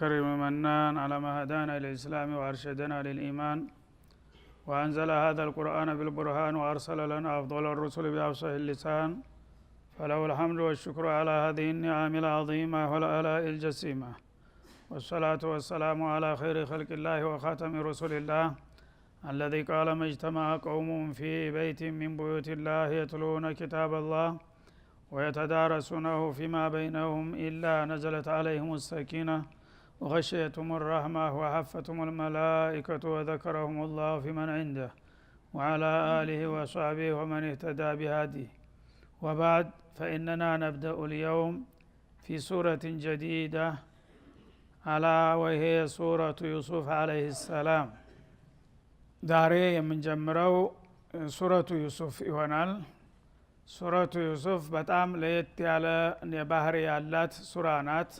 كريم منان على ما هدانا إلى الإسلام وأرشدنا للإيمان وأنزل هذا القرآن بالبرهان وأرسل لنا أفضل الرسل بأفصح اللسان فله الحمد والشكر على هذه النعم العظيمة والآلاء الجسيمة والصلاة والسلام على خير خلق الله وخاتم رسل الله الذي قال ما اجتمع قوم في بيت من بيوت الله يتلون كتاب الله ويتدارسونه فيما بينهم إلا نزلت عليهم السكينة وغشيتم الرحمة وحفتم الملائكة وذكرهم الله في من عنده وعلى آله وصحبه ومن اهتدى بهديه وبعد فإننا نبدأ اليوم في سورة جديدة على وهي سورة يوسف عليه السلام من የምንጀምረው سورة يوسف ይሆናል ሱረቱ ዩሱፍ በጣም ለየት ያለ የባህሪ ያላት ሱራ ናት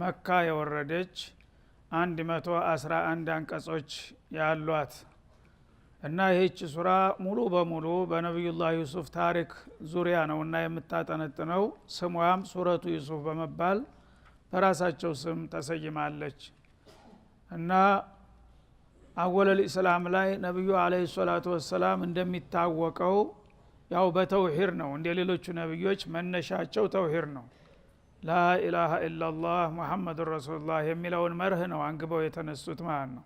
መካ የወረደች አንድ መቶ አስራ አንድ አንቀጾች ያሏት እና ይህች ሱራ ሙሉ በሙሉ በነቢዩላህ ዩሱፍ ታሪክ ዙሪያ ነው እና የምታጠነጥነው። ስሟም ሱረቱ ዩሱፍ በመባል በራሳቸው ስም ተሰይማለች እና አወለል ኢስላም ላይ ነቢዩ አለህ ሰላቱ ወሰላም እንደሚታወቀው ያው በተውሂር ነው። እንደ ሌሎቹ ነቢዮች መነሻቸው ተውሂር ነው። ላኢላሃ ኢላላህ ሙሐመዱን ረሱሉላህ የሚለውን መርህ ነው አንግበው የተነሱት ማለት ነው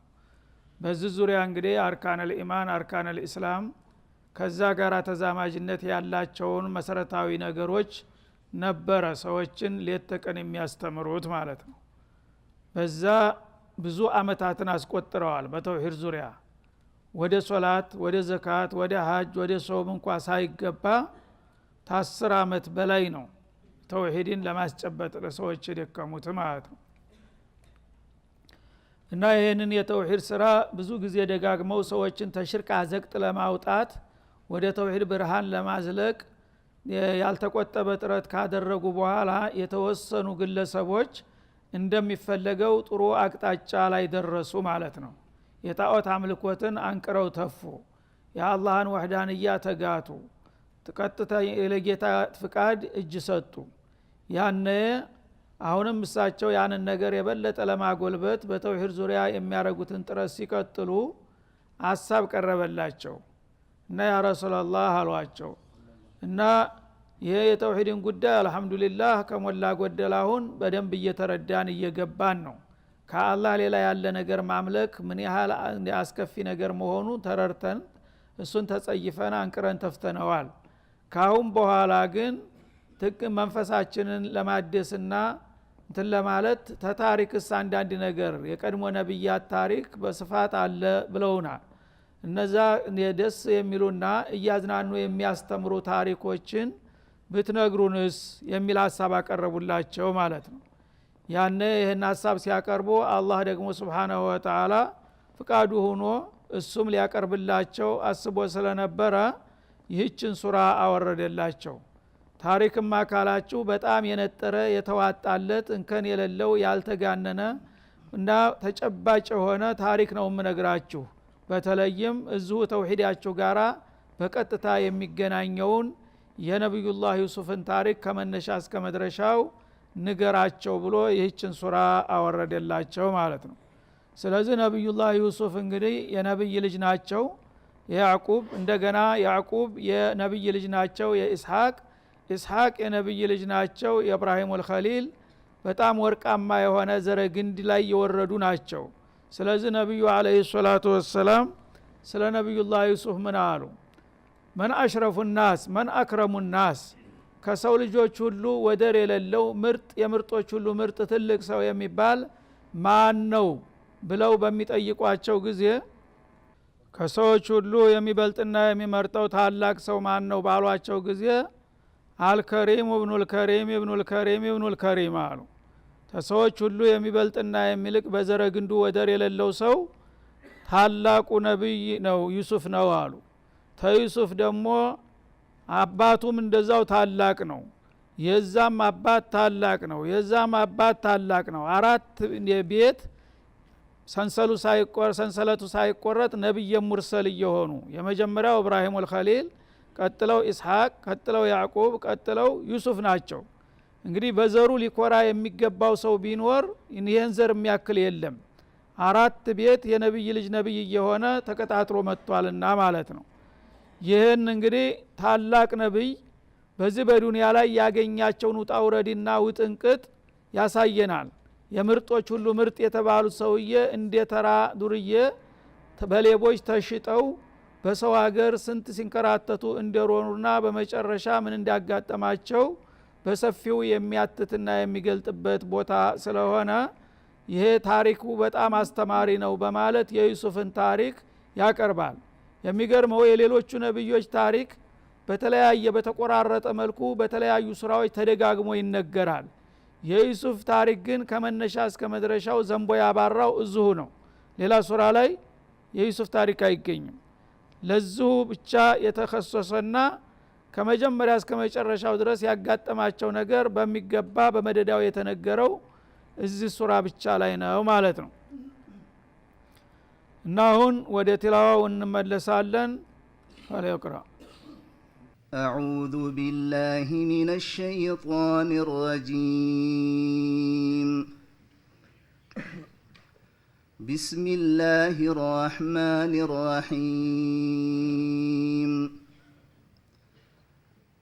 በዚህ ዙሪያ እንግዲህ አርካን ልኢማን አርካን ልእስላም ከዛ ጋር ተዛማጅነት ያላቸውን መሰረታዊ ነገሮች ነበረ ሰዎችን ሌት ተቀን የሚያስተምሩት ማለት ነው በዛ ብዙ አመታትን አስቆጥረዋል በተውሂድ ዙሪያ ወደ ሶላት ወደ ዘካት ወደ ሀጅ ወደ ሶም እንኳ ሳይገባ ታስር አመት በላይ ነው ተውሂድን ለማስጨበጥ ለሰዎች የደከሙት ማለት ነው እና ይህንን የተውሂድ ስራ ብዙ ጊዜ ደጋግመው ሰዎችን ተሽርቅ አዘቅጥ ለማውጣት ወደ ተውሂድ ብርሃን ለማዝለቅ ያልተቆጠበ ጥረት ካደረጉ በኋላ የተወሰኑ ግለሰቦች እንደሚፈለገው ጥሩ አቅጣጫ ላይ ደረሱ ማለት ነው የጣዖት አምልኮትን አንቅረው ተፉ የአላህን ወህዳንያ ተጋቱ ቀጥታ ለጌታ ፍቃድ እጅ ሰጡ ያነ አሁንም እሳቸው ያንን ነገር የበለጠ ለማጎልበት በተውሂድ ዙሪያ የሚያደረጉትን ጥረት ሲቀጥሉ አሳብ ቀረበላቸው እና ያ ረሱላላህ አሏቸው እና ይሄ የተውሂድን ጉዳይ አልሐምዱሊላህ ከሞላ ጎደል አሁን በደንብ እየተረዳን እየገባን ነው ከአላህ ሌላ ያለ ነገር ማምለክ ምን ያህል አስከፊ ነገር መሆኑ ተረርተን እሱን ተጸይፈን አንቅረን ተፍተነዋል ካሁን በኋላ ግን ትቅ መንፈሳችንን ለማደስና እንትን ለማለት ተታሪክስ አንዳንድ ነገር የቀድሞ ነቢያት ታሪክ በስፋት አለ ብለውናል። እነዛ ደስ የሚሉና እያዝናኑ የሚያስተምሩ ታሪኮችን ብትነግሩንስ የሚል ሀሳብ አቀረቡላቸው ማለት ነው። ያነ ይህን ሀሳብ ሲያቀርቡ አላህ ደግሞ ስብሓናሁ ወተላ ፍቃዱ ሆኖ እሱም ሊያቀርብላቸው አስቦ ስለነበረ ይህችን ሱራ አወረደላቸው ታሪክም አካላችሁ በጣም የነጠረ የተዋጣለት እንከን የሌለው ያልተጋነነ እና ተጨባጭ የሆነ ታሪክ ነው የምነግራችሁ በተለይም እዚሁ ተውሂዳችሁ ጋራ በቀጥታ የሚገናኘውን የነቢዩላህ ዩሱፍን ታሪክ ከመነሻ እስከ መድረሻው ንገራቸው ብሎ ይህችን ሱራ አወረደላቸው ማለት ነው ስለዚህ ነቢዩላህ ዩሱፍ እንግዲህ የነቢይ ልጅ ናቸው ያዕቁብ እንደገና ያዕቁብ የነቢይ ልጅ ናቸው የኢስሐቅ ኢስሐቅ የነቢይ ልጅ ናቸው የእብራሂም ልከሊል በጣም ወርቃማ የሆነ ዘረ ግንድ ላይ የወረዱ ናቸው ስለዚህ ነቢዩ አለህ ሰላቱ ወሰላም ስለ ነቢዩላህ ዩሱፍ ምን አሉ መን አሽረፉ ናስ መን አክረሙ ናስ ከሰው ልጆች ሁሉ ወደር የሌለው ምርጥ የምርጦች ሁሉ ምርጥ ትልቅ ሰው የሚባል ማን ነው ብለው በሚጠይቋቸው ጊዜ ከሰዎች ሁሉ የሚበልጥና የሚመርጠው ታላቅ ሰው ማን ነው ባሏቸው ጊዜ አልከሪም እብኑልከሪም እብኑልከሪም እብኑልከሪም አሉ። ከሰዎች ሁሉ የሚበልጥና የሚልቅ በዘረግንዱ ወደር የሌለው ሰው ታላቁ ነቢይ ነው ዩሱፍ ነው አሉ። ተዩሱፍ ደግሞ አባቱም እንደዛው ታላቅ ነው። የዛም አባት ታላቅ ነው። የዛም አባት ታላቅ ነው። አራት ቤት ሰንሰሉ ሰንሰለቱ ሳይቆረጥ ነቢየ ሙርሰል እየሆኑ የመጀመሪያው እብራሂም ወልኸሊል ቀጥለው ኢስሐቅ ቀጥለው ያዕቁብ ቀጥለው ዩሱፍ ናቸው እንግዲህ በዘሩ ሊኮራ የሚገባው ሰው ቢኖር ይህን ዘር የሚያክል የለም አራት ቤት የነቢይ ልጅ ነቢይ እየሆነ ተቀጣጥሎ መጥቷልና ማለት ነው ይህን እንግዲህ ታላቅ ነቢይ በዚህ በዱንያ ላይ ያገኛቸውን ውጣውረድና ውጥንቅጥ ያሳየናል የምርጦች ሁሉ ምርጥ የተባሉት ሰውዬ እንደ ተራ ዱርዬ በሌቦች ተሽጠው በሰው ሀገር ስንት ሲንከራተቱ እንደሮኑና በመጨረሻ ምን እንዳጋጠማቸው በሰፊው የሚያትትና የሚገልጥበት ቦታ ስለሆነ ይሄ ታሪኩ በጣም አስተማሪ ነው በማለት የዩሱፍን ታሪክ ያቀርባል የሚገርመው የሌሎቹ ነቢዮች ታሪክ በተለያየ በተቆራረጠ መልኩ በተለያዩ ስራዎች ተደጋግሞ ይነገራል የዩሱፍ ታሪክ ግን ከመነሻ እስከ መድረሻው ዘንቦ ያባራው እዝሁ ነው ሌላ ሱራ ላይ የዩሱፍ ታሪክ አይገኝም ለዚሁ ብቻ የተከሰሰና ከመጀመሪያ እስከ መጨረሻው ድረስ ያጋጠማቸው ነገር በሚገባ በመደዳው የተነገረው እዚህ ሱራ ብቻ ላይ ነው ማለት ነው እና አሁን ወደ ቲላዋው እንመለሳለን ፈለቅራ أعوذ بالله من الشيطان الرجيم بسم الله الرحمن الرحيم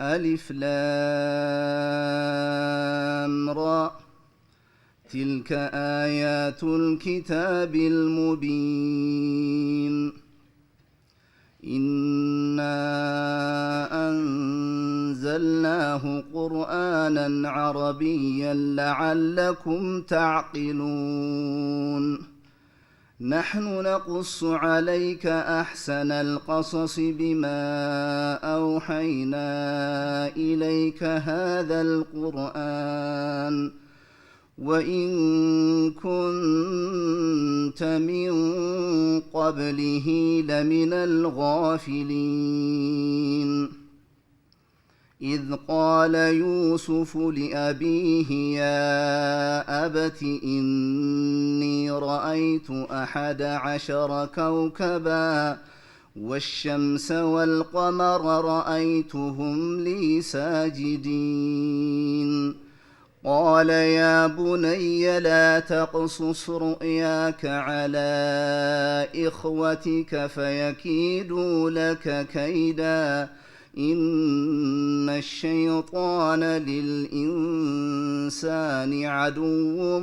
ألف لام را تلك آيات الكتاب المبين إِنَّا فجعلناه قرانا عربيا لعلكم تعقلون نحن نقص عليك احسن القصص بما اوحينا اليك هذا القران وان كنت من قبله لمن الغافلين إذ قال يوسف لأبيه يا أبت إني رأيت أحد عشر كوكبا والشمس والقمر رأيتهم لي ساجدين قال يا بني لا تقصص رؤياك على إخوتك فيكيدوا لك كيداً ان الشيطان للانسان عدو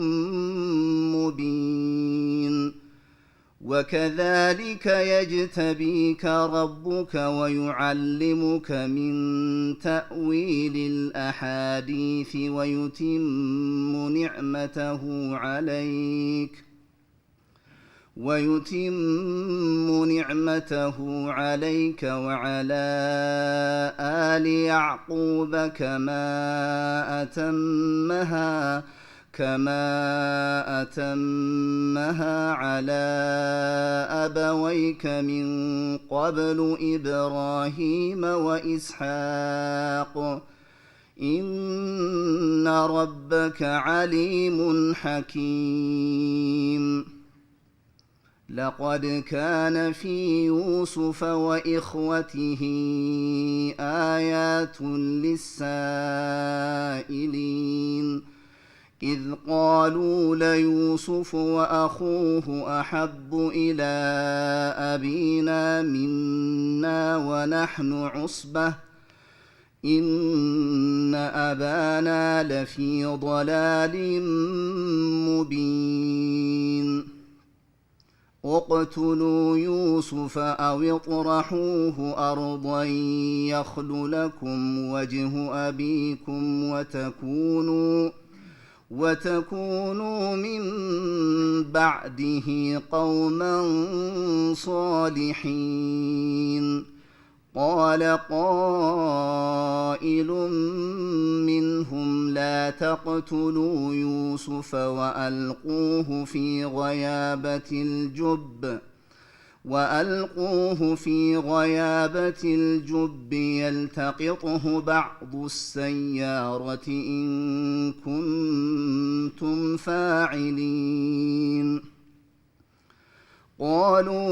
مبين وكذلك يجتبيك ربك ويعلمك من تاويل الاحاديث ويتم نعمته عليك ويتم نعمته عليك وعلى آل يعقوب كما أتمها كما أتمها على أبويك من قبل إبراهيم وإسحاق إن ربك عليم حكيم لقد كان في يوسف واخوته ايات للسائلين اذ قالوا ليوسف واخوه احب الى ابينا منا ونحن عصبه ان ابانا لفي ضلال مبين اقتلوا يوسف او اطرحوه ارضا يخل لكم وجه ابيكم وتكونوا وتكونوا من بعده قوما صالحين قال قائل منهم لا تقتلوا يوسف والقوه في غيابه الجب والقوه في غيابه الجب يلتقطه بعض السياره ان كنتم فاعلين قالوا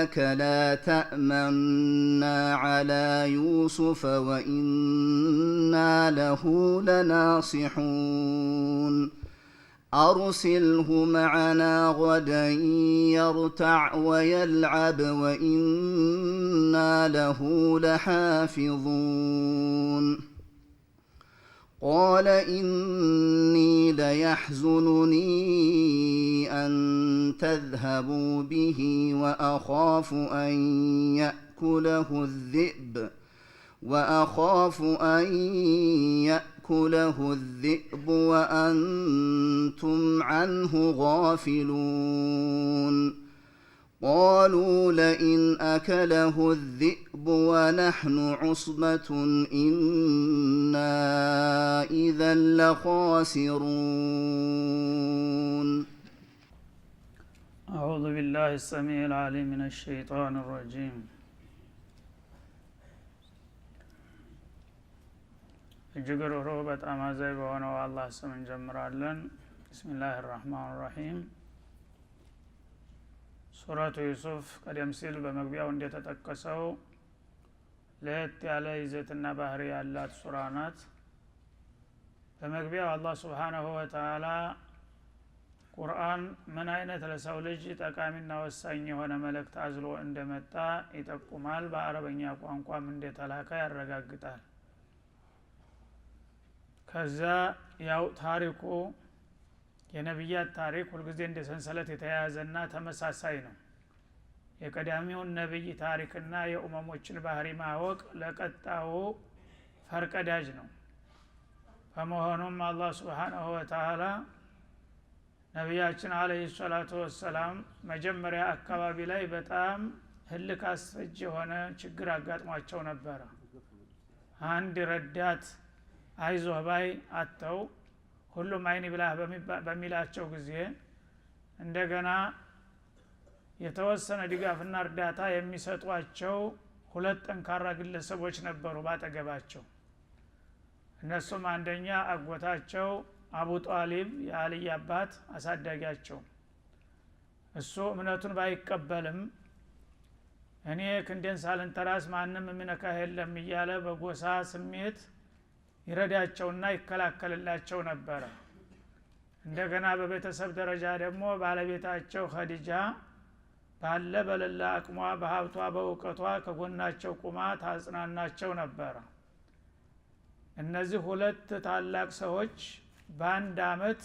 إنك لا تأمنا على يوسف وإنا له لناصحون أرسله معنا غدا يرتع ويلعب وإنا له لحافظون قال اني ليحزنني ان تذهبوا به واخاف ان ياكله الذئب واخاف ان ياكله الذئب وانتم عنه غافلون قالوا لئن اكله الذئب الحب ونحن عصبة إنا إذا لخاسرون أعوذ بالله السميع العليم من الشيطان الرجيم እጅግ ሩህሩህ በጣም አዛኝ በሆነው አላህ ስም እንጀምራለን ብስሚላህ ራህማን ራሒም ሱረቱ ዩሱፍ ቀደም ሲል በመግቢያው እንደተጠቀሰው ለየት ያለ ይዘትና ባህሪ ያላት ሱራ ናት በመግቢያው አላህ ስብሓናሁ ወተላ ቁርአን ምን አይነት ለሰው ልጅ ጠቃሚና ወሳኝ የሆነ መልእክት አዝሎ እንደመጣ ይጠቁማል በአረበኛ ቋንቋም እንደተላከ ያረጋግጣል ከዛ ያው ታሪኩ የነቢያት ታሪክ ሁልጊዜ እንደ ሰንሰለት የተያያዘና ተመሳሳይ ነው የቀዳሚውን ነቢይ ታሪክና የኡመሞችን ባህሪ ማወቅ ለቀጣው ፈርቀዳጅ ነው። በመሆኑም አላህ ሱብሓነሁ ወተላ ነቢያችን አለህ ሰላቱ ወሰላም መጀመሪያ አካባቢ ላይ በጣም ህልክ አስፈጅ የሆነ ችግር አጋጥሟቸው ነበረ። አንድ ረዳት አይዞህ ባይ ሁሉም አይን ብላህ በሚላቸው ጊዜ እንደገና የተወሰነ ድጋፍና እርዳታ የሚሰጧቸው ሁለት ጠንካራ ግለሰቦች ነበሩ ባጠገባቸው እነሱም አንደኛ አጎታቸው አቡ ጣሊብ የአልይ አባት አሳዳጊያቸው እሱ እምነቱን ባይቀበልም እኔ ክንዴን ሳልንተራስ ማንም የሚነካ የለም እያለ በጎሳ ስሜት ይረዳቸውና ይከላከልላቸው ነበረ እንደገና በቤተሰብ ደረጃ ደግሞ ባለቤታቸው ከዲጃ ባለ በለላ አቅሟ በሀብቷ በእውቀቷ ከጎናቸው ቁማ ታጽናናቸው ነበረ እነዚህ ሁለት ታላቅ ሰዎች በአንድ አመት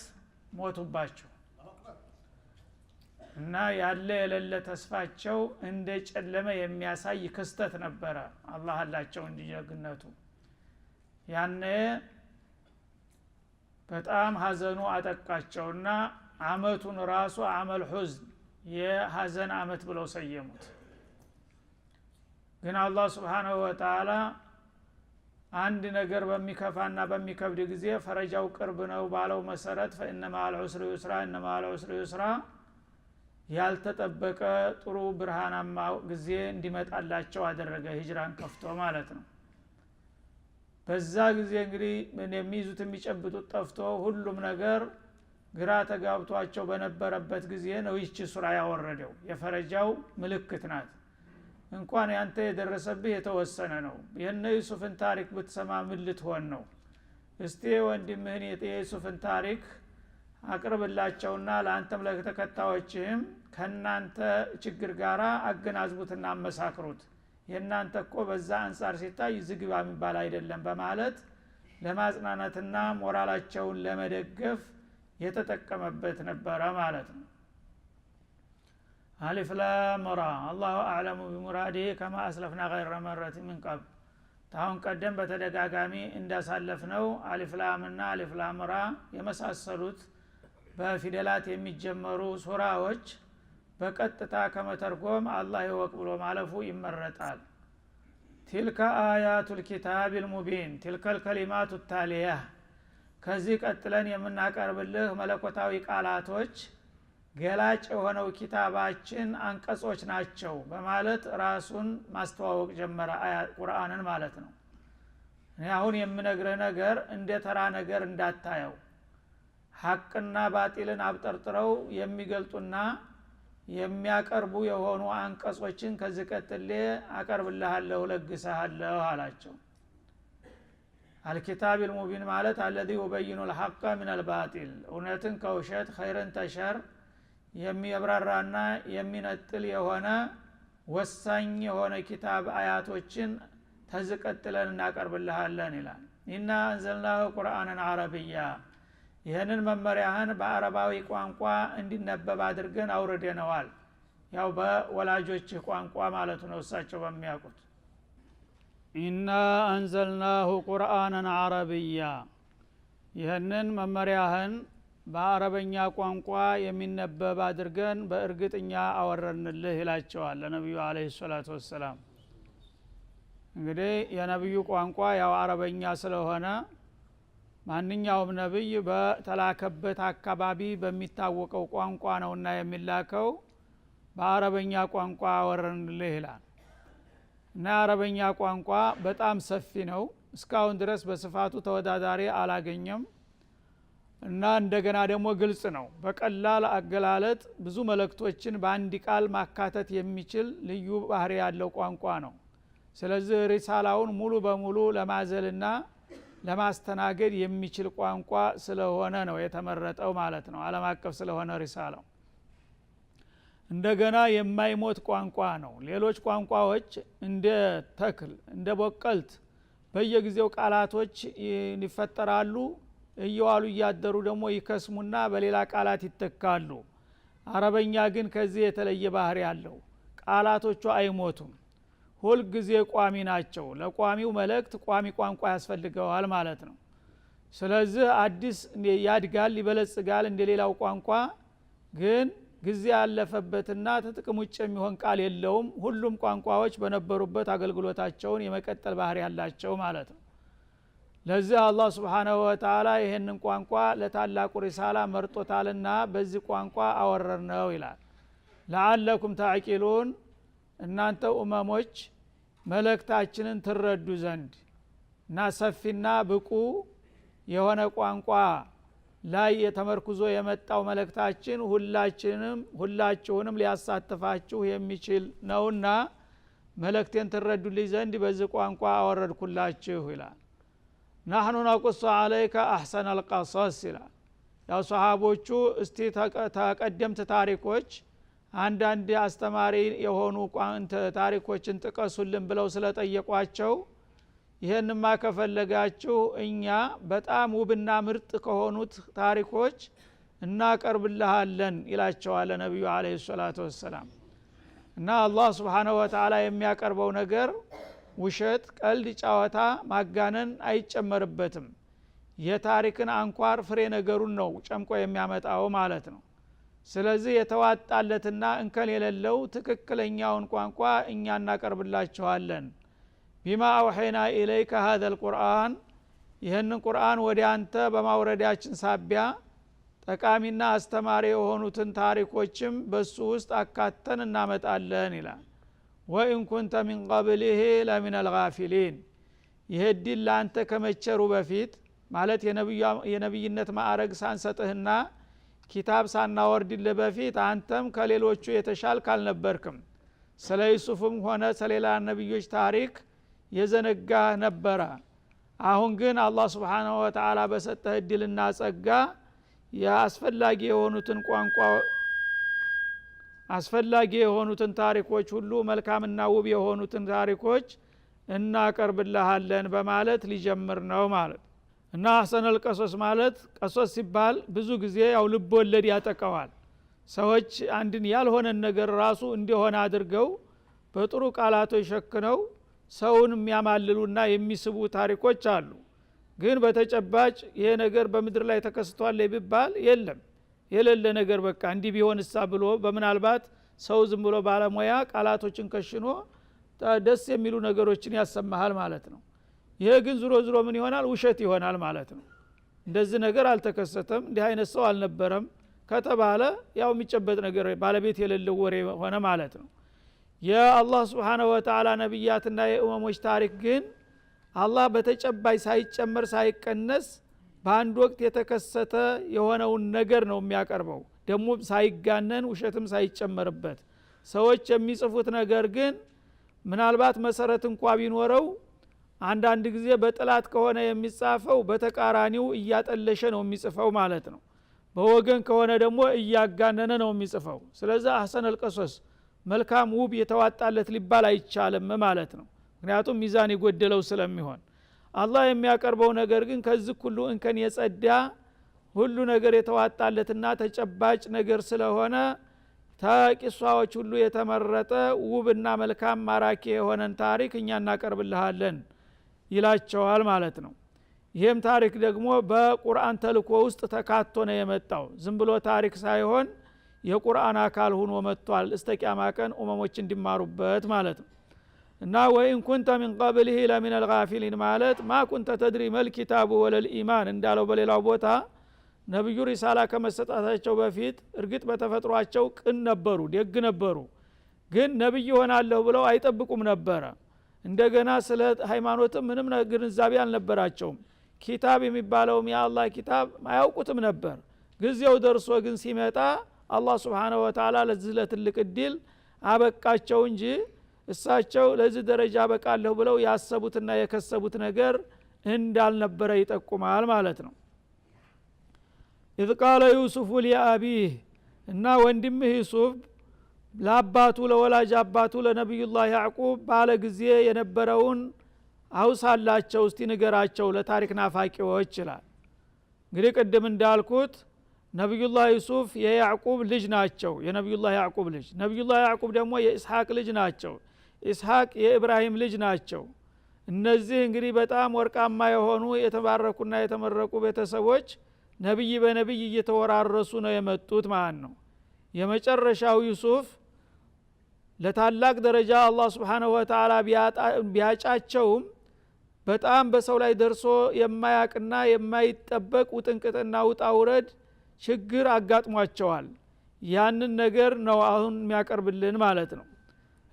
ሞቱባቸው እና ያለ የሌለ ተስፋቸው እንደ ጨለመ የሚያሳይ ክስተት ነበረ አላህ አላቸው እንዲጀግነቱ ያነ በጣም ሀዘኑ አጠቃቸውና አመቱን ራሱ አመል ሑዝን የሀዘን አመት ብለው ሰየሙት ግን አላህ ስብሓናሁ ወተላ አንድ ነገር በሚከፋና በሚከብድ ጊዜ ፈረጃው ቅርብ ነው ባለው መሰረት ፈእነማ አልዑስሪ ዩስራ እነማ አልዑስሪ ዩስራ ያልተጠበቀ ጥሩ ብርሃናማ ጊዜ እንዲመጣላቸው አደረገ ሂጅራን ከፍቶ ማለት ነው በዛ ጊዜ እንግዲህ የሚይዙት የሚጨብጡት ጠፍቶ ሁሉም ነገር ግራ ተጋብቷቸው በነበረበት ጊዜ ነው ይቺ ሱራ ያወረደው የፈረጃው ምልክት ናት እንኳን ያንተ የደረሰብህ የተወሰነ ነው ይህነ ዩሱፍን ታሪክ ብትሰማ ምን ልትሆን ነው እስቲ ወንድምህን የዩሱፍን ታሪክ አቅርብላቸውና ለአንተም ለተከታዮችህም ከእናንተ ችግር ጋር አገናዝቡትና አመሳክሩት የእናንተ እኮ በዛ አንጻር ሲታይ ዝግባ የሚባል አይደለም በማለት ለማጽናናትና ሞራላቸውን ለመደገፍ የተጠቀመበት ነበረ ማለት ነው አሊፍ ላመራ አላሁ አዕለሙ ቢሙራዲህ ከማ አስለፍና ገይረ መረት ምን ቀብል ታሁን ቀደም በተደጋጋሚ እንዳሳለፍ ነው አሊፍላምና አሊፍላምራ የመሳሰሉት በፊደላት የሚጀመሩ ሱራዎች በቀጥታ ከመተርጎም አላህ ይወቅ ብሎ ማለፉ ይመረጣል ቲልከ አያቱ ልኪታብ ልሙቢን ቲልከ ልከሊማቱ ታሊያህ ከዚህ ቀጥለን የምናቀርብልህ መለኮታዊ ቃላቶች ገላጭ የሆነው ኪታባችን አንቀጾች ናቸው በማለት ራሱን ማስተዋወቅ ጀመረ ቁርአንን ማለት ነው እኔ አሁን የምነግርህ ነገር እንደ ተራ ነገር እንዳታየው ሀቅና ባጢልን አብጠርጥረው የሚገልጡና የሚያቀርቡ የሆኑ አንቀጾችን ከዚህ ቀጥሌ አቀርብልሃለሁ ለግሰሃለሁ አላቸው አልኪታብ ልሙቢን ማለት አለዚ ዩበይኑ ልሐቀ ምን አልባጢል እውነትን ከውሸት ኸይርን ተሸር የሚብራራና የሚነጥል የሆነ ወሳኝ የሆነ ኪታብ አያቶችን ተዝቀጥለን እናቀርብልሃለን ይላል ኢና አንዘልናሁ ቁርአንን አረብያ ይህንን መመሪያህን በአረባዊ ቋንቋ እንዲነበብ አድርገን አውርደነዋል ያው በወላጆችህ ቋንቋ ማለቱ ነው እሳቸው በሚያውቁት ኢና አንዘልናሁ ቁርአንን አረብያ ይህንን መመሪያህን በአረበኛ ቋንቋ የሚነበብ አድርገን በእርግጥኛ አወረንልህ ይላቸዋል ለነቢዩ አለህ ሰላቱ ወሰላም እንግዲህ የነቢዩ ቋንቋ ያው አረበኛ ስለሆነ ማንኛውም ነብይ በተላከበት አካባቢ በሚታወቀው ቋንቋ ነውና የሚላከው በአረበኛ ቋንቋ አወረንልህ ይላል እና የአረበኛ ቋንቋ በጣም ሰፊ ነው። እስካሁን ድረስ በስፋቱ ተወዳዳሪ አላገኘም እና እንደገና ደግሞ ግልጽ ነው። በቀላል አገላለጥ ብዙ መልእክቶችን በአንድ ቃል ማካተት የሚችል ልዩ ባህር ያለው ቋንቋ ነው። ስለዚህ ሪሳላውን ሙሉ በሙሉ ለማዘልና ለማስተናገድ የሚችል ቋንቋ ስለሆነ ነው የተመረጠው ማለት ነው። ዓለም አቀፍ ስለሆነ ሪሳላው እንደገና የማይሞት ቋንቋ ነው ሌሎች ቋንቋዎች እንደ ተክል እንደ በቀልት በየጊዜው ቃላቶች ይፈጠራሉ እየዋሉ እያደሩ ደግሞ ይከስሙና በሌላ ቃላት ይተካሉ አረበኛ ግን ከዚህ የተለየ ባህር ያለው ቃላቶቹ አይሞቱም ሁልጊዜ ቋሚ ናቸው ለቋሚው መልእክት ቋሚ ቋንቋ ያስፈልገዋል ማለት ነው ስለዚህ አዲስ ያድጋል ይበለጽጋል እንደ ሌላው ቋንቋ ግን ጊዜ ያለፈበትና ትጥቅም ውጭ የሚሆን ቃል የለውም ሁሉም ቋንቋዎች በነበሩበት አገልግሎታቸውን የመቀጠል ባህር ያላቸው ማለት ነው ለዚህ አላህ ስብሓናሁ ወተላ ይህንን ቋንቋ ለታላቁ ሪሳላ መርጦታልና በዚህ ቋንቋ አወረር ነው ይላል ለአለኩም ታዕቂሉን እናንተ እመሞች መለእክታችንን ትረዱ ዘንድ እና ሰፊና ብቁ የሆነ ቋንቋ ላይ የተመርኩዞ የመጣው መልእክታችን ሁላችንም ሁላችሁንም ሊያሳትፋችሁ የሚችል ነውና መልእክቴን ትረዱልኝ ዘንድ በዚህ ቋንቋ አወረድኩላችሁ ይላል ናህኑ ናቁሶ አለይከ አሕሰን አልቀሶስ ይላል ያው ሰሃቦቹ እስቲ ተቀደምት ታሪኮች አንዳንድ አስተማሪ የሆኑ ታሪኮችን ጥቀሱልን ብለው ስለጠየቋቸው ይህንማ ከፈለጋችሁ እኛ በጣም ውብና ምርጥ ከሆኑት ታሪኮች እናቀርብልሃለን ይላቸዋለ ነቢዩ አለ ሰላቱ ወሰላም እና አላህ ስብሓነ ወተላ የሚያቀርበው ነገር ውሸት፣ ቀልድ፣ ጨዋታ፣ ማጋነን አይጨመርበትም። የታሪክን አንኳር ፍሬ ነገሩን ነው ጨምቆ የሚያመጣው ማለት ነው። ስለዚህ የተዋጣለትና እንከን የሌለው ትክክለኛውን ቋንቋ እኛ እናቀርብላችኋለን ቢማ አውሐይና ኢለይከ ሀዘል ቁርአን ይህንን ቁርአን ወደ አንተ በማውረዳችን ሳቢያ ጠቃሚና አስተማሪ የሆኑትን ታሪኮችም በሱ ውስጥ አካተን እናመጣለን ይላል ወኢን ኩንተ ሚን ቀብሊህ ለሚን አልጋፊሊን ይህ ለአንተ ከመቸሩ በፊት ማለት የነቢይነት ማዕረግ ሳንሰጥህና ኪታብ ሳናወርድል በፊት አንተም ከሌሎቹ የተሻል ካልነበርክም። ስለ ዩሱፍም ሆነ ስለሌላ ነቢዮች ታሪክ የዘነጋ ነበረ አሁን ግን አላህ ስብሓናሁ ወተላ በሰጠህ እድልና ጸጋ የአስፈላጊ የሆኑትን ቋንቋ አስፈላጊ የሆኑትን ታሪኮች ሁሉ መልካምና ውብ የሆኑትን ታሪኮች እናቀርብልሃለን በማለት ሊጀምር ነው ማለት እና አሰነል ቀሶስ ማለት ቀሶስ ሲባል ብዙ ጊዜ ያው ልብ ወለድ ያጠቀዋል ሰዎች አንድን ያልሆነን ነገር ራሱ እንደሆነ አድርገው በጥሩ ቃላቶች ሸክነው ሰውን የሚያማልሉና የሚስቡ ታሪኮች አሉ ግን በተጨባጭ ይሄ ነገር በምድር ላይ ተከስቷል ቢባል የለም የሌለ ነገር በቃ እንዲህ እሳ ብሎ በምናልባት ሰው ዝም ብሎ ባለሙያ ቃላቶችን ከሽኖ ደስ የሚሉ ነገሮችን ያሰማሃል ማለት ነው ይሄ ግን ዝሮ ዝሮ ምን ይሆናል ውሸት ይሆናል ማለት ነው እንደዚህ ነገር አልተከሰተም እንዲህ አይነት ሰው አልነበረም ከተባለ ያው የሚጨበጥ ነገር ባለቤት የሌለው ወሬ ሆነ ማለት ነው የአላህ ስብሓነሁ ወተላ ነቢያትና የእመሞች ታሪክ ግን አላህ በተጨባይ ሳይጨመር ሳይቀነስ በአንድ ወቅት የተከሰተ የሆነውን ነገር ነው የሚያቀርበው ደግሞ ሳይጋነን ውሸትም ሳይጨመርበት ሰዎች የሚጽፉት ነገር ግን ምናልባት መሰረት እንኳ ቢኖረው አንዳንድ ጊዜ በጥላት ከሆነ የሚጻፈው በተቃራኒው እያጠለሸ ነው የሚጽፈው ማለት ነው በወገን ከሆነ ደግሞ እያጋነነ ነው የሚጽፈው ስለዚህ አሰን አልቀሶስ መልካም ውብ የተዋጣለት ሊባል አይቻልም ማለት ነው ምክንያቱም ሚዛን የጎደለው ስለሚሆን አላህ የሚያቀርበው ነገር ግን ከዚህ ሁሉ እንከን የጸዳ ሁሉ ነገር የተዋጣለትና ተጨባጭ ነገር ስለሆነ ተቂሷዎች ሁሉ የተመረጠ ውብና መልካም ማራኪ የሆነን ታሪክ እኛ እናቀርብልሃለን ይላቸዋል ማለት ነው ይህም ታሪክ ደግሞ በቁርአን ተልኮ ውስጥ ተካቶ ነው የመጣው ዝም ብሎ ታሪክ ሳይሆን የቁርአን አካል ሁኖ መጥቷል እስተ ቅያማ ቀን ኡመሞች እንዲማሩበት ማለት ነው እና ወይ ኩንተ ሚን ቀብልህ ለሚን አልጋፊሊን ማለት ማ ኩንተ ተድሪ መል ኪታቡ ወለልኢማን እንዳለው በሌላው ቦታ ነቢዩ ሪሳላ ከመሰጣታቸው በፊት እርግጥ በተፈጥሯቸው ቅን ነበሩ ደግ ነበሩ ግን ነቢይ ይሆናለሁ ብለው አይጠብቁም ነበረ እንደገና ስለ ሃይማኖትም ምንም ግንዛቤ አልነበራቸውም ኪታብ የሚባለውም የአላህ ኪታብ አያውቁትም ነበር ጊዜው ደርሶ ግን ሲመጣ አላህ ስብሓነሁ ወተላ ለዚህ ለትልቅ እድል አበቃቸው እንጂ እሳቸው ለዚህ ደረጃ አበቃለሁ ብለው ያሰቡትና የከሰቡት ነገር እንዳልነበረ ይጠቁማል ማለት ነው ኢዝ ቃለ ዩሱፍ ሊአቢህ እና ወንድምህ ዩሱፍ ለአባቱ ለወላጅ አባቱ ለነቢዩላህ ያዕቁብ ባለ ጊዜ የነበረውን አውሳላቸው እስቲ ንገራቸው ለታሪክ ናፋቂዎች ይላል እንግዲህ ቅድም እንዳልኩት ነቢዩላህ ዩሱፍ የያዕቁብ ልጅ ናቸው የነቢዩላህ ያዕቁብ ልጅ ነቢዩላህ ያዕቁብ ደግሞ የኢስሐቅ ልጅ ናቸው ኢስሐቅ የኢብራሂም ልጅ ናቸው እነዚህ እንግዲህ በጣም ወርቃማ የሆኑ የተባረኩና የተመረቁ ቤተሰቦች ነቢይ በነቢይ እየተወራረሱ ነው የመጡት ማለት ነው የመጨረሻው ዩሱፍ ለታላቅ ደረጃ አላህ ስብንሁ ወተላ ቢያጫቸውም በጣም በሰው ላይ ደርሶ የማያቅና የማይጠበቅ ውጥንቅጥና ውጣ ውረድ ችግር አጋጥሟቸዋል ያንን ነገር ነው አሁን የሚያቀርብልን ማለት ነው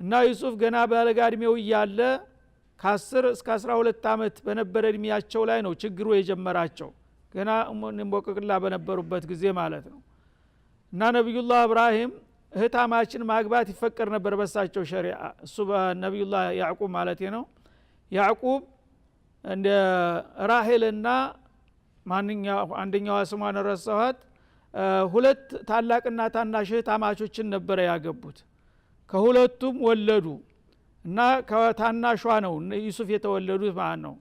እና ዩሱፍ ገና ባለጋ እድሜው እያለ ከ10 እስከ 12 ዓመት በነበረ እድሜያቸው ላይ ነው ችግሩ የጀመራቸው ገና ሞቅቅላ በነበሩበት ጊዜ ማለት ነው እና ነቢዩላ እብራሂም እህታማችን ማግባት ይፈቀድ ነበር በሳቸው ሸሪአ እሱ በነቢዩላህ ያዕቁብ ማለት ነው ያዕቁብ እንደ ራሄልና ማንኛ አንደኛዋ ስሟን ረሳኋት ሁለት ታላቅና ታናሽ ታማቾችን ነበረ ያገቡት ከሁለቱም ወለዱ እና ከታናሿ ነው ዩሱፍ የተወለዱት ማለት ነው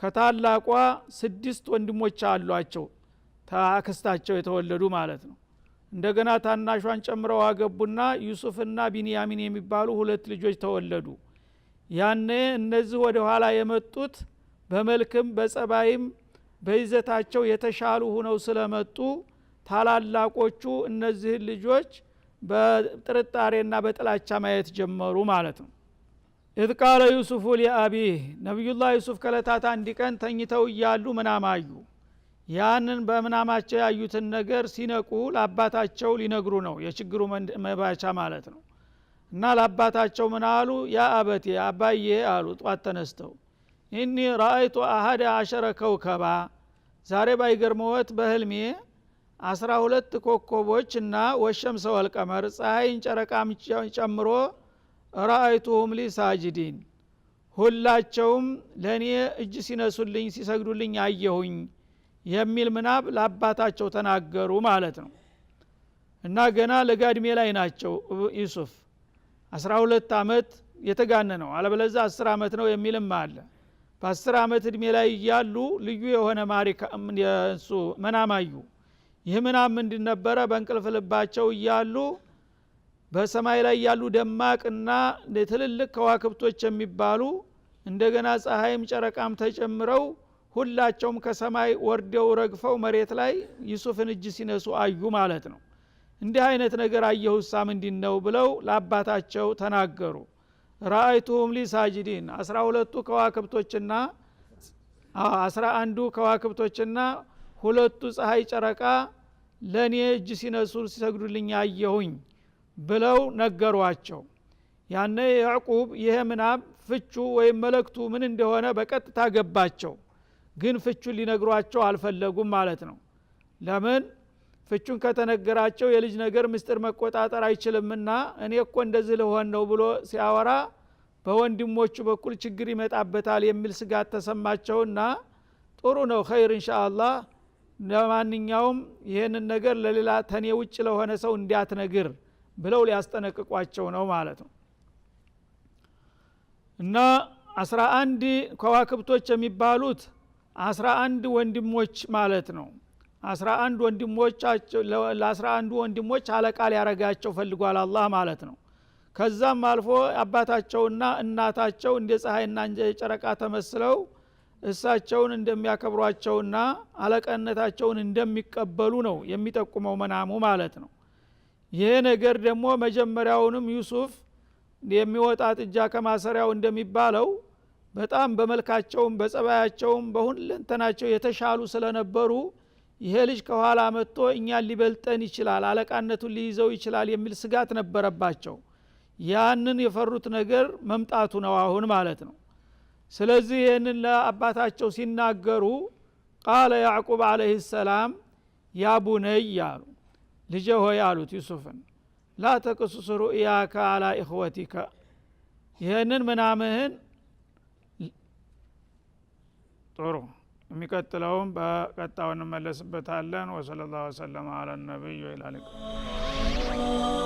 ከታላቋ ስድስት ወንድሞች አሏቸው ታክስታቸው የተወለዱ ማለት ነው እንደገና ታናሿን ጨምረው አገቡና ዩሱፍና ቢንያሚን የሚባሉ ሁለት ልጆች ተወለዱ ያነ እነዚህ ወደ ኋላ የመጡት በመልክም በጸባይም በይዘታቸው የተሻሉ ሁነው ስለመጡ ታላላቆቹ እነዚህን ልጆች በጥርጣሬና በጥላቻ ማየት ጀመሩ ማለት ነው እዝ ቃለ ዩሱፉ ሊአቢህ ነቢዩላ ዩሱፍ ከለታት አንድ ቀን ተኝተው እያሉ ምናም አዩ ያንን በምናማቸው ያዩትን ነገር ሲነቁ ለአባታቸው ሊነግሩ ነው የችግሩ መባቻ ማለት ነው እና ለአባታቸው ምን አሉ ያ አበቴ አባዬ አሉ ጧት ተነስተው እኒ ረአይቱ አሀደ አሸረ ከውከባ ዛሬ ባይገርመወት በህልሜ አስራ ሁለት ኮኮቦች እና ወሸም ሰው አልቀመር ፀሐይን ጨረቃም ጨምሮ ራአይቱሁም ሊ ሳጅዲን ሁላቸውም ለእኔ እጅ ሲነሱልኝ ሲሰግዱልኝ አየሁኝ የሚል ምናብ ለአባታቸው ተናገሩ ማለት ነው እና ገና ለጋድሜ ላይ ናቸው ዩሱፍ አስራ ሁለት ዓመት የተጋነ ነው አለበለዛ አስር ዓመት ነው የሚልም አለ በአስር ዓመት እድሜ ላይ እያሉ ልዩ የሆነ ማሪካ እሱ መናማዩ ይህ ምናም ነበረ በእንቅልፍ ልባቸው እያሉ በሰማይ ላይ ያሉ ደማቅና ትልልቅ ከዋክብቶች የሚባሉ እንደገና ፀሐይም ጨረቃም ተጨምረው ሁላቸውም ከሰማይ ወርደው ረግፈው መሬት ላይ ዩሱፍን እጅ ሲነሱ አዩ ማለት ነው እንዲህ አይነት ነገር አየሁሳ ምንድን ነው ብለው ለአባታቸው ተናገሩ ራአይቱሁም ሊሳጅዲን አስራ ሁለቱ ከዋክብቶችና አስራ አንዱ ከዋክብቶችና ሁለቱ ፀሐይ ጨረቃ ለእኔ እጅ ሲነሱ ሲሰግዱልኝ አየሁኝ ብለው ነገሯቸው ያነ ያዕቁብ ይሄ ምናብ ፍቹ ወይም መለክቱ ምን እንደሆነ በቀጥታ ገባቸው ግን ፍቹን ሊነግሯቸው አልፈለጉም ማለት ነው ለምን ፍቹን ከተነገራቸው የልጅ ነገር ምስጢር መቆጣጠር አይችልምና እኔ እኮ እንደዚህ ልሆን ነው ብሎ ሲያወራ በወንድሞቹ በኩል ችግር ይመጣበታል የሚል ስጋት ተሰማቸውና ጥሩ ነው ኸይር አላህ ለማንኛውም ይህንን ነገር ለሌላ ተኔ ውጭ ለሆነ ሰው እንዲያትነግር ብለው ሊያስጠነቅቋቸው ነው ማለት ነው እና አስራ አንድ ከዋክብቶች የሚባሉት አስራ አንድ ወንድሞች ማለት ነው አስራ አንድ ወንድሞቻቸው ለአስራ አንዱ ወንድሞች አለቃ ሊያረጋቸው ፈልጓል አላህ ማለት ነው ከዛም አልፎ አባታቸውና እናታቸው እንደ ፀሐይና እንደ ጨረቃ ተመስለው እሳቸውን እንደሚያከብሯቸውና አለቃነታቸውን እንደሚቀበሉ ነው የሚጠቁመው መናሙ ማለት ነው ይሄ ነገር ደግሞ መጀመሪያውንም ዩሱፍ የሚወጣ ጥጃ ከማሰሪያው እንደሚባለው በጣም በመልካቸውም በጸባያቸውም በሁለንተናቸው የተሻሉ ስለነበሩ ይሄ ልጅ ከኋላ መጥቶ እኛን ሊበልጠን ይችላል አለቃነቱን ሊይዘው ይችላል የሚል ስጋት ነበረባቸው ያንን የፈሩት ነገር መምጣቱ ነው አሁን ማለት ነው ስለዚህ ይህንን ለአባታቸው ሲናገሩ ቃለ ያዕቁብ አለህ ሰላም ያቡነይ አሉ ልጀ ሆይ አሉት ዩሱፍን ላ ተቅሱስ ሩእያከ አላ እኽወቲከ ይህንን ምናምህን ጥሩ የሚቀጥለውም በቀጣው እንመለስበታለን ወሰለ ላሁ ሰለማ አላ ነቢይ ይላልቅ